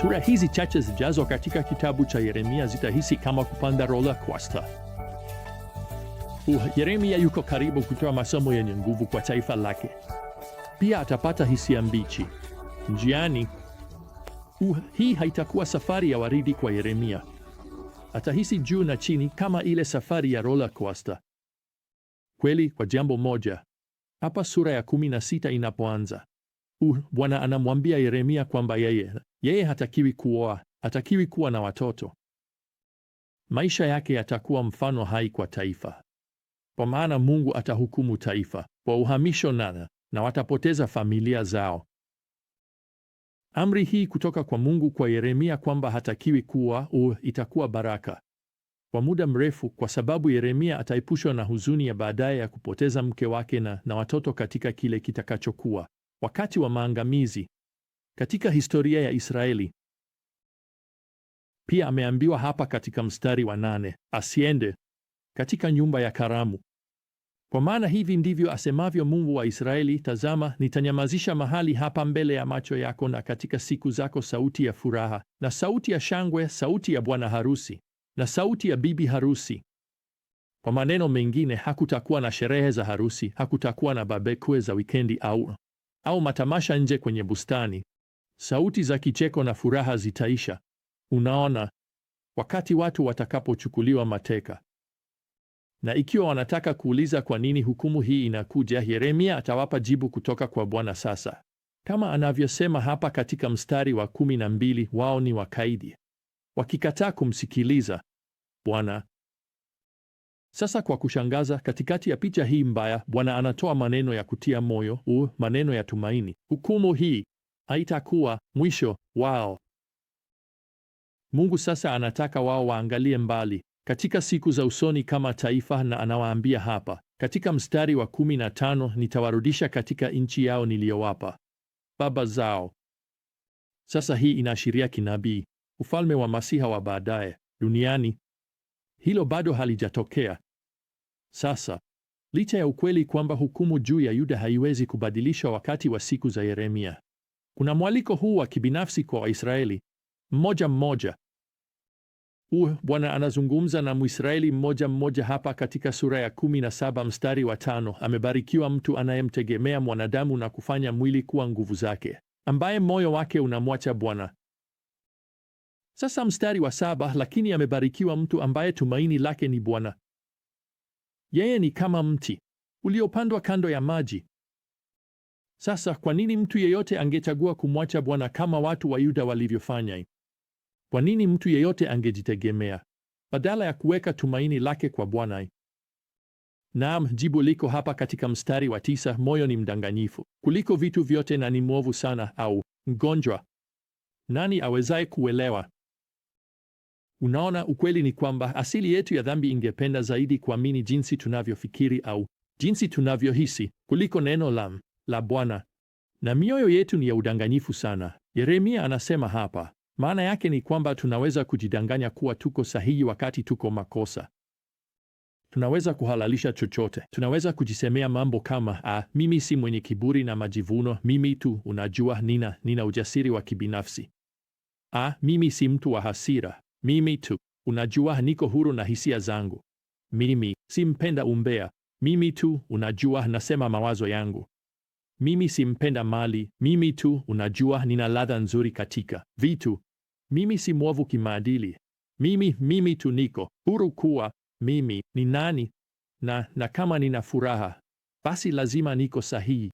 Sura hizi chache zijazo katika kitabu cha Yeremia zitahisi kama kupanda rola coaster. Uh, Yeremia yuko karibu kutoa masomo yenye nguvu kwa taifa lake. Pia atapata hisia mbichi njiani. Uh, hii haitakuwa safari ya waridi kwa Yeremia. Atahisi juu na chini kama ile safari ya roller coaster. Kweli kwa jambo moja, hapa sura ya 16 inapoanza, uh, Bwana anamwambia Yeremia kwamba yeye yeye hatakiwi kuoa, hatakiwi kuwa na watoto. Maisha yake yatakuwa mfano hai kwa taifa, kwa maana Mungu atahukumu taifa kwa uhamisho nana na watapoteza familia zao. Amri hii kutoka kwa Mungu kwa Yeremia kwamba hatakiwi kuwa u itakuwa baraka kwa muda mrefu, kwa sababu Yeremia ataepushwa na huzuni ya baadaye ya kupoteza mke wake na na watoto katika kile kitakachokuwa wakati wa maangamizi katika historia ya Israeli. Pia ameambiwa hapa katika mstari wa nane asiende katika nyumba ya karamu. Kwa maana hivi ndivyo asemavyo Mungu wa Israeli, tazama, nitanyamazisha mahali hapa mbele ya macho yako, na katika siku zako sauti ya furaha na sauti ya shangwe, sauti ya bwana harusi na sauti ya bibi harusi. Kwa maneno mengine, hakutakuwa na sherehe za harusi, hakutakuwa na babekue za wikendi au au matamasha nje kwenye bustani sauti za kicheko na furaha zitaisha. Unaona, wakati watu watakapochukuliwa mateka. Na ikiwa wanataka kuuliza kwa nini hukumu hii inakuja, Yeremia atawapa jibu kutoka kwa Bwana. Sasa kama anavyosema hapa katika mstari wa kumi na mbili, wao ni wakaidi wakikataa kumsikiliza Bwana. Sasa kwa kushangaza, katikati ya picha hii mbaya, Bwana anatoa maneno ya kutia moyo, u maneno ya tumaini. Hukumu hii haitakuwa mwisho wao. Mungu sasa anataka wao waangalie mbali katika siku za usoni kama taifa, na anawaambia hapa katika mstari wa 15, nitawarudisha katika nchi yao niliyowapa baba zao. Sasa hii inaashiria kinabii ufalme wa Masiha wa baadaye duniani. Hilo bado halijatokea. Sasa licha ya ukweli kwamba hukumu juu ya Yuda haiwezi kubadilishwa wakati wa siku za Yeremia, kuna mwaliko huu wa kibinafsi kwa Waisraeli mmoja mmoja. Uh, Bwana anazungumza na Mwisraeli mmoja mmoja hapa katika sura ya 17 mstari wa tano. Amebarikiwa mtu anayemtegemea mwanadamu na kufanya mwili kuwa nguvu zake, ambaye moyo wake unamwacha Bwana. Sasa mstari wa saba, lakini amebarikiwa mtu ambaye tumaini lake ni Bwana. Yeye ni kama mti uliopandwa kando ya maji sasa kwa nini mtu yeyote angechagua kumwacha Bwana kama watu wa Yuda walivyofanya? Kwa nini mtu yeyote angejitegemea badala ya kuweka tumaini lake kwa Bwana? Naam, jibu liko hapa katika mstari wa tisa. Moyo ni mdanganyifu kuliko vitu vyote na ni mwovu sana, au mgonjwa, nani awezaye kuelewa? Unaona, ukweli ni kwamba asili yetu ya dhambi ingependa zaidi kuamini jinsi tunavyofikiri au jinsi tunavyohisi kuliko neno lam la Bwana, na mioyo yetu ni ya udanganyifu sana, Yeremia anasema hapa. Maana yake ni kwamba tunaweza kujidanganya kuwa tuko sahihi wakati tuko makosa. Tunaweza kuhalalisha chochote. Tunaweza kujisemea mambo kama a, ah, mimi si mwenye kiburi na majivuno, mimi tu, unajua, nina nina ujasiri wa kibinafsi. a, ah, mimi si mtu wa hasira, mimi tu, unajua, niko huru na hisia zangu, mimi si mpenda umbea, mimi tu, unajua, nasema mawazo yangu. Mimi simpenda mali, mimi tu, unajua, nina ladha nzuri katika vitu. Mimi si mwovu kimaadili. Mimi mimi tu niko huru kuwa mimi ni nani, na na kama nina furaha basi lazima niko sahihi.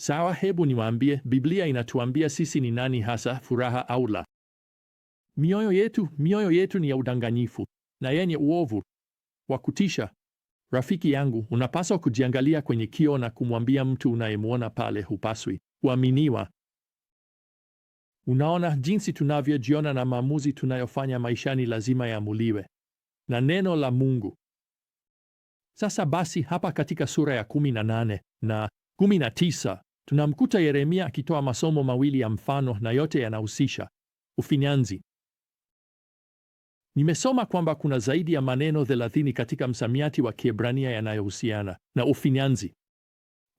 Sawa, hebu niwaambie, Biblia inatuambia sisi ni nani hasa, furaha au la? Mioyo yetu mioyo yetu ni ya udanganyifu na yenye uovu wa kutisha. Rafiki yangu, unapaswa kujiangalia kwenye kio na kumwambia mtu unayemwona pale, hupaswi kuaminiwa. Unaona, jinsi tunavyojiona na maamuzi tunayofanya maishani lazima yaamuliwe na neno la Mungu. Sasa basi, hapa katika sura ya 18 na 19 tunamkuta Yeremia akitoa masomo mawili ya mfano, na yote yanahusisha ufinyanzi Nimesoma kwamba kuna zaidi ya maneno thelathini katika msamiati wa Kiebrania yanayohusiana na ufinyanzi.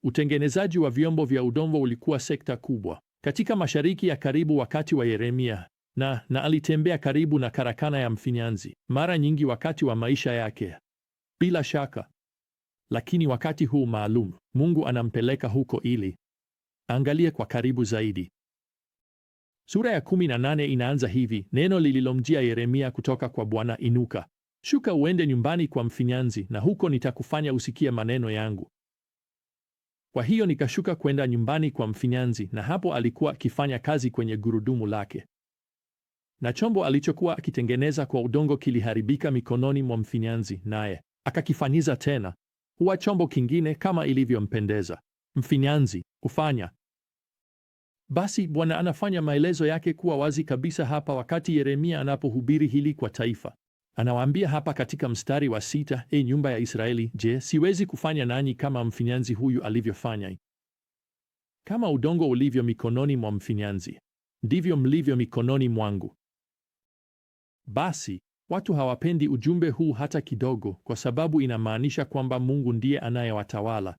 Utengenezaji wa vyombo vya udongo ulikuwa sekta kubwa katika Mashariki ya Karibu wakati wa Yeremia, na na alitembea karibu na karakana ya mfinyanzi mara nyingi wakati wa maisha yake, bila shaka. Lakini wakati huu maalum, Mungu anampeleka huko ili angalie kwa karibu zaidi Sura ya 18 inaanza hivi: neno lililomjia Yeremia kutoka kwa Bwana, inuka, shuka, uende nyumbani kwa mfinyanzi, na huko nitakufanya usikie maneno yangu. Kwa hiyo nikashuka kwenda nyumbani kwa mfinyanzi, na hapo alikuwa akifanya kazi kwenye gurudumu lake, na chombo alichokuwa akitengeneza kwa udongo kiliharibika mikononi mwa mfinyanzi, naye akakifanyiza tena huwa chombo kingine kama ilivyompendeza mfinyanzi kufanya. Basi Bwana anafanya maelezo yake kuwa wazi kabisa hapa wakati Yeremia anapohubiri hili kwa taifa. Anawaambia hapa katika mstari wa sita, E nyumba ya Israeli, je, siwezi kufanya nanyi kama mfinyanzi huyu alivyofanya? Kama udongo ulivyo mikononi mwa mfinyanzi, ndivyo mlivyo mikononi mwangu. Basi watu hawapendi ujumbe huu hata kidogo, kwa sababu inamaanisha kwamba Mungu ndiye anayewatawala.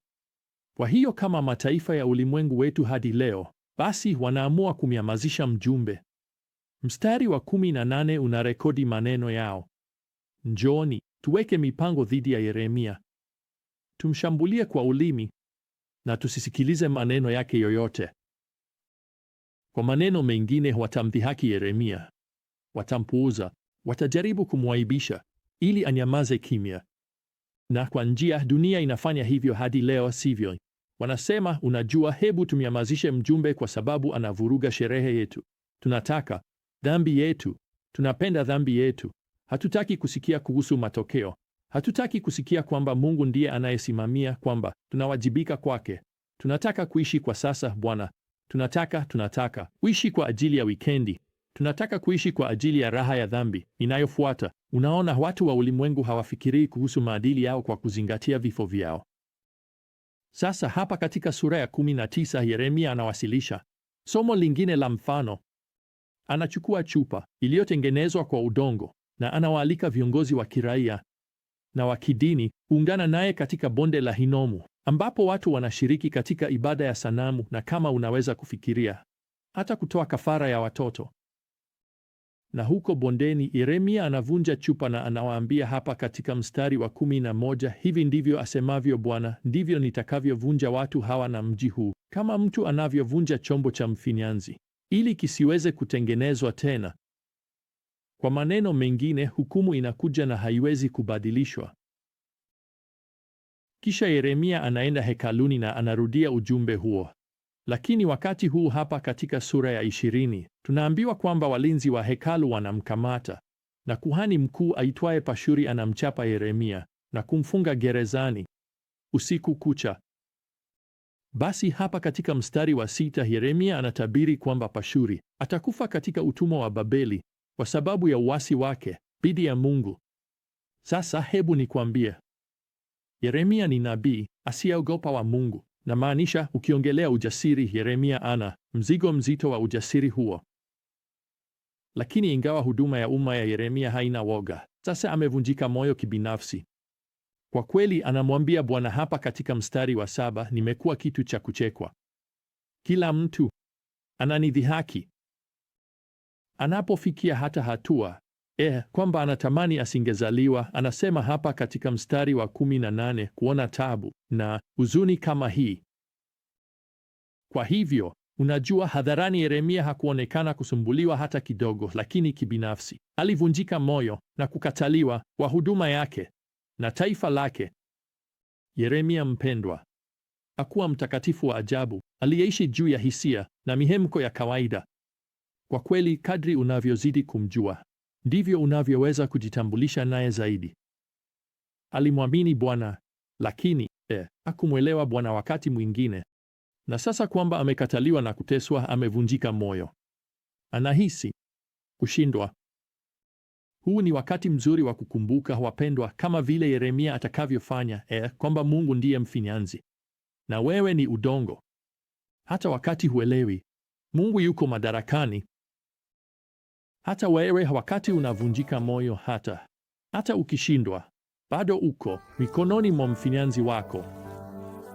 Kwa hiyo kama mataifa ya ulimwengu wetu hadi leo basi wanaamua kumnyamazisha mjumbe. Mstari wa kumi na nane unarekodi maneno yao: Njooni tuweke mipango dhidi ya Yeremia, tumshambulie kwa ulimi na tusisikilize maneno yake yoyote. Kwa maneno mengine, watamdhihaki Yeremia, watampuuza, watajaribu kumwaibisha ili anyamaze kimya, na kwa njia, dunia inafanya hivyo hadi leo, sivyo? Wanasema, unajua, hebu tumnyamazishe mjumbe kwa sababu anavuruga sherehe yetu. Tunataka dhambi yetu, tunapenda dhambi yetu. Hatutaki kusikia kuhusu matokeo, hatutaki kusikia kwamba Mungu ndiye anayesimamia, kwamba tunawajibika kwake. Tunataka kuishi kwa sasa, Bwana. Tunataka, tunataka kuishi kwa ajili ya wikendi, tunataka kuishi kwa ajili ya raha ya dhambi inayofuata. Unaona, watu wa ulimwengu hawafikirii kuhusu maadili yao kwa kuzingatia vifo vyao. Sasa hapa katika sura ya 19 Yeremia anawasilisha somo lingine la mfano. Anachukua chupa iliyotengenezwa kwa udongo na anawaalika viongozi wa kiraia na wa kidini kuungana naye katika bonde la Hinomu ambapo watu wanashiriki katika ibada ya sanamu na kama unaweza kufikiria, hata kutoa kafara ya watoto. Na huko bondeni, Yeremia anavunja chupa na anawaambia hapa katika mstari wa kumi na moja, hivi ndivyo asemavyo Bwana, ndivyo nitakavyovunja watu hawa na mji huu, kama mtu anavyovunja chombo cha mfinyanzi, ili kisiweze kutengenezwa tena. Kwa maneno mengine, hukumu inakuja na haiwezi kubadilishwa. Kisha Yeremia anaenda hekaluni na anarudia ujumbe huo. Lakini wakati huu hapa katika sura ya ishirini tunaambiwa kwamba walinzi wa hekalu wanamkamata na kuhani mkuu aitwaye Pashuri anamchapa Yeremia na kumfunga gerezani usiku kucha. Basi hapa katika mstari wa sita Yeremia anatabiri kwamba Pashuri atakufa katika utumwa wa Babeli kwa sababu ya uasi wake dhidi ya Mungu. Sasa hebu nikwambie, Yeremia ni nabii asiyeogopa wa Mungu. Namaanisha, ukiongelea ujasiri, Yeremia ana mzigo mzito wa ujasiri huo. Lakini ingawa huduma ya umma ya Yeremia haina woga, sasa amevunjika moyo kibinafsi. Kwa kweli, anamwambia Bwana hapa katika mstari wa saba, nimekuwa kitu cha kuchekwa, kila mtu ananidhihaki. Anapofikia hata hatua eh, kwamba anatamani asingezaliwa. Anasema hapa katika mstari wa kumi na nane, kuona tabu na huzuni kama hii kwa hivyo unajua, hadharani Yeremia hakuonekana kusumbuliwa hata kidogo, lakini kibinafsi alivunjika moyo na kukataliwa kwa huduma yake na taifa lake. Yeremia mpendwa hakuwa mtakatifu wa ajabu aliyeishi juu ya hisia na mihemko ya kawaida. Kwa kweli, kadri unavyozidi kumjua ndivyo unavyoweza kujitambulisha naye zaidi. Alimwamini Bwana lakini eh, hakumwelewa Bwana wakati mwingine na sasa kwamba amekataliwa na kuteswa, amevunjika moyo, anahisi kushindwa. Huu ni wakati mzuri wa kukumbuka, wapendwa, kama vile Yeremia atakavyofanya eh, kwamba Mungu ndiye mfinyanzi na wewe ni udongo. Hata wakati huelewi, Mungu yuko madarakani. Hata wewe wakati unavunjika moyo, hata hata ukishindwa, bado uko mikononi mwa mfinyanzi wako,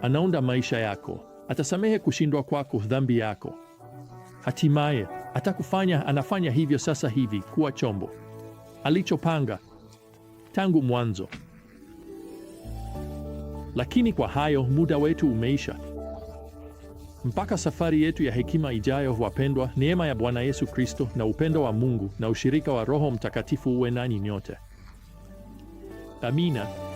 anaunda maisha yako atasamehe kushindwa kwako, dhambi yako. Hatimaye atakufanya, anafanya hivyo sasa hivi, kuwa chombo alichopanga tangu mwanzo. Lakini kwa hayo, muda wetu umeisha. Mpaka safari yetu ya hekima ijayo, wapendwa, neema ya Bwana Yesu Kristo na upendo wa Mungu na ushirika wa Roho Mtakatifu uwe nanyi nyote. Amina.